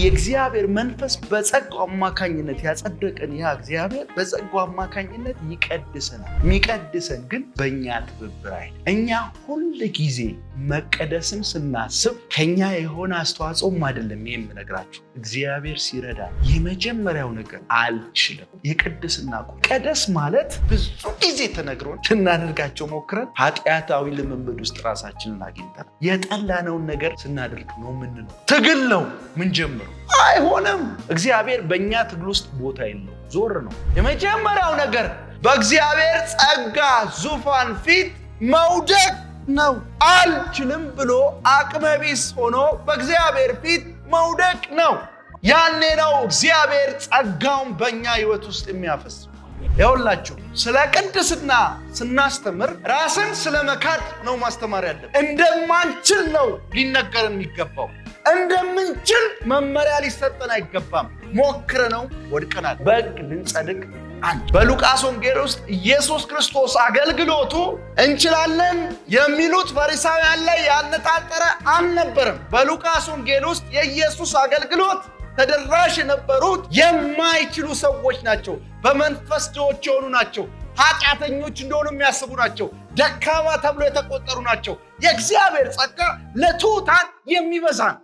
የእግዚአብሔር መንፈስ በጸጋው አማካኝነት ያጸደቀን ያ እግዚአብሔር በጸጋው አማካኝነት ይቀድሰናል። የሚቀድሰን ግን በእኛ ትብብር አይደል። እኛ ሁል ጊዜ መቀደስን ስናስብ ከኛ የሆነ አስተዋጽኦም አይደለም። ይህ የምነግራችሁ እግዚአብሔር ሲረዳ የመጀመሪያው ነገር አልችልም የቅድስና ቀደስ ማለት ብዙ ጊዜ ተነግሮን ስናደርጋቸው ሞክረን ኃጢአታዊ ልምምድ ውስጥ ራሳችንን አግኝተናል። የጠላነውን ነገር ስናደርግ ነው ምንነው ትግል ነው ምንጀምር ነበሩ። አይሆንም። እግዚአብሔር በእኛ ትግል ውስጥ ቦታ የለው። ዞር ነው የመጀመሪያው ነገር። በእግዚአብሔር ጸጋ ዙፋን ፊት መውደቅ ነው። አልችልም ብሎ አቅመቢስ ሆኖ በእግዚአብሔር ፊት መውደቅ ነው። ያኔ ነው እግዚአብሔር ጸጋውን በእኛ ህይወት ውስጥ የሚያፈስ። ይኸውላችሁ ስለ ቅድስና ስናስተምር ራስን ስለ መካድ ነው ማስተማር ያለን። እንደማንችል ነው ሊነገር የሚገባው። እንደምንችል መመሪያ ሊሰጠን አይገባም። ሞክረ ነው ወድቀናል። በግ ልንጸድቅ አንድ በሉቃስ ወንጌል ውስጥ ኢየሱስ ክርስቶስ አገልግሎቱ እንችላለን የሚሉት ፈሪሳውያን ላይ ያነጣጠረ አልነበርም። በሉቃስ ወንጌል ውስጥ የኢየሱስ አገልግሎት ተደራሽ የነበሩት የማይችሉ ሰዎች ናቸው። በመንፈስ ድሆች የሆኑ ናቸው። ኃጢአተኞች እንደሆኑ የሚያስቡ ናቸው። ደካማ ተብሎ የተቆጠሩ ናቸው። የእግዚአብሔር ጸጋ ለትሑታን የሚበዛ ነው።